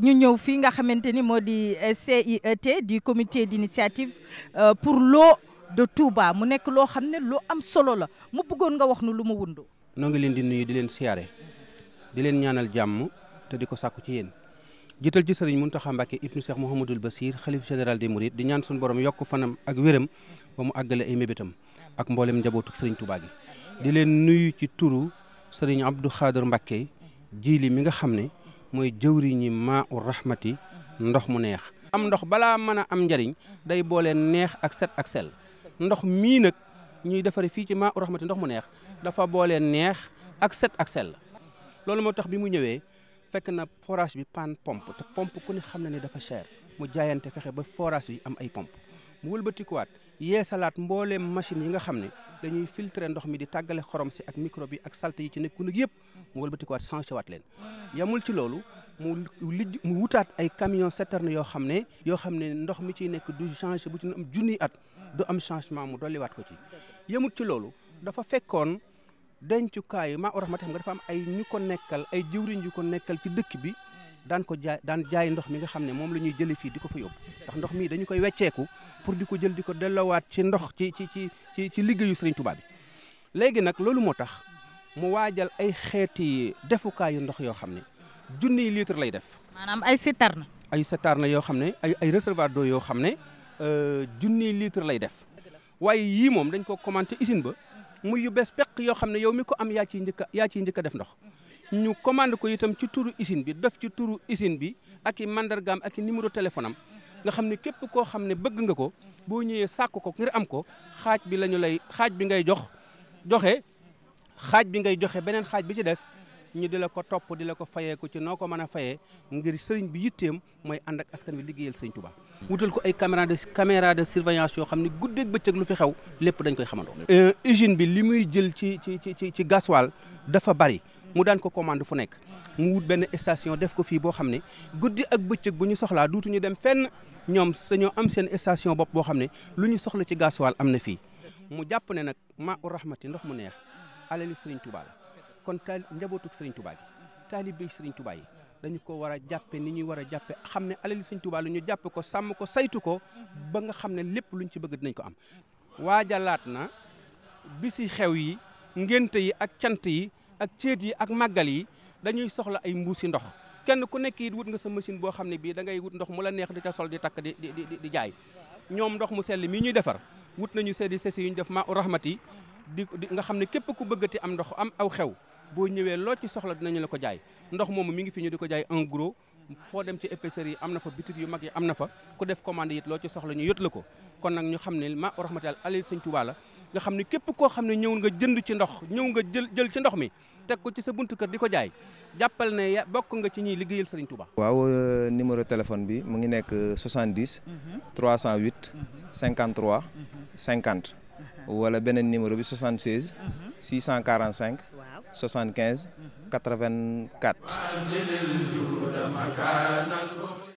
ñu ñëw fii nga xamante ni moo di euh, CIET du comité d'initiative euh, pour loo de Touba mu nekk loo xam ne loo am solo la mu bëggoon nga wax nu lu mu wundu noo ngi leen di nuyu di leen siyaare di leen ñaanal jàmm te di ko sàkku ci yéen jiital ci sëriñ Mountakha Mbacké ibnu Cheikh Mouhamadoul Bassir xalif général des Mourides di ñaan suñu borom yokk fanam ak wéram ba mu àggale ay mébétam ak mboolem njabootu sëriñ Touba di leen nuyu ci turu sëriñ Abdou Khader Mbacké jiili mi nga xam ne mooy jëwriñi maa u rahmati ndox mu neex am ndox balaa mën a am njariñ day boole neex ak set ak sel ndox mii nag ñuy defare fii ci maa u ndox mu neex dafa boole neex ak set ak sel loolu moo tax bi mu ñëwee fekk na forage bi panne pompe te pompe ku ne xam na ne dafa cher mu jaayante fexe ba forage yi am ay pompe mu wëlbatikuwaat yeesalaat mbooleem machine yi nga xam ne dañuy filtrer ndox mi di tàggale xorom si ak microbe yi ak salte yi ci nekku nag yëpp mu wëlbatikuwaat changé waat leen yamul ci loolu mu lij mu wutaat ay camion citerne yoo xam ne yoo xam ne ndox mi ciy nekk du changé bu ci am junniy at du am changement mu waat ko ci yamul ci loolu dafa fekkoon dencukaay maa o raxmati xam nga dafa ay ñu ko nekkal ay jëwriñ yu ko nekkal ci dëkk bi daan ko jaay daan jaay ndox mi nga xam ne moom la ñuy jëlee fii di ko fa yóbbu ndax ndox mii dañu koy wecceeku pour di ko jël di ko delloowaat ci ndox ci ci ci ci ci liggéeyu Serigne Touba léegi nag loolu moo tax mu waajal ay xeeti defukaayu ndox yoo xam ne junniy litre lay def. maanaam ay citerne. ay citerne yoo xam ne ay ay réservoir yoo xam ne euh, junniy litre lay def waaye yii moom dañ ko commenté usine ba muy yu bees peq yoo xam ne yow mi ko am yaa ciy njëkk yaa ciy njëkk def ndox. ñu commandé ko itam ci turu usine bi def ci turu usine bi ak i mandargaam ak i numéro téléphone nga xam ne képp koo xam ne bëgg nga ko boo ñëwee sàkk ko ngir am ko xaaj bi lañu lay xaaj bi ngay jox joxe xaaj bi ngay joxe beneen xaaj bi ci des ñu di la ko topp di la ko fayee ko ci noo ko mën a fayee ngir sëriñ bi yitteem mooy ànd ak askan bi liggéeyal sëriñ Touba. wutal ko ay caméra de caméra yoo xam ne guddee bëccëg lu fi xew lépp dañ koy xamandoo. Euh, usine bi li muy jël ci ci ci ci gasoil dafa bari. mu daan ko commande fu nekk mu wut benn station def ko fii boo xam ne guddi ak bëccëg bu ñu soxlaa duutuñu dem fenn ñoom sañoo am seen station bopp boo xam ne lu ñu soxla ci gasoil am na fii mu jàpp ne nag ma u rahmati ndox mu neex alali Serigne Touba la kon taal njabootuk Serigne Touba gi taalibe Serigne Touba yi dañu ko war a jàppe ni ñuy war a jàppe xam ne alali Serigne tubaal lu ñu jàppe ko sàmm ko saytu ko ba nga xam ne lépp luñ ci bëgg dinañ ko am waajalaat na bisi xew yi ngénte yi ak cant yi ak céet yi ak màggal yi dañuy soxla ay mbuusi ndox kenn ku nekk it wut nga sa machine boo xam ne bii da ngay wut ndox mu la neex di ca sol di takk di di di jaay ñoom ndox mu sell mii ñuy defar wut nañu seedi sesi yu ñu def ma rahmati di nga xam ne képp ku bëggati am ndox am aw xew boo ñëwee loo ci soxla dinañu la ko jaay ndox moomu mi ngi fi ñu di ko jaay en gros foo dem ci épicerie yi am na fa bitig yu mag yi am na fa ku def komande it loo ci soxla ñu yët la ko kon nag ñu xam ne ma rahmati al alil sëñ nga xam ne képp koo xam ne ñëw nga jënd ci ndox ñëw nga jël jël ci ndox mi teg ko ci sa buntu kër di ko jaay jàppale ne bokk nga ci ñuy liggéeyal Serigne Touba. waaw euh, numéro téléphone bi mu ngi nekk 70. 308. 53. 50. wala beneen numéro bi 76. 645. 75. 84.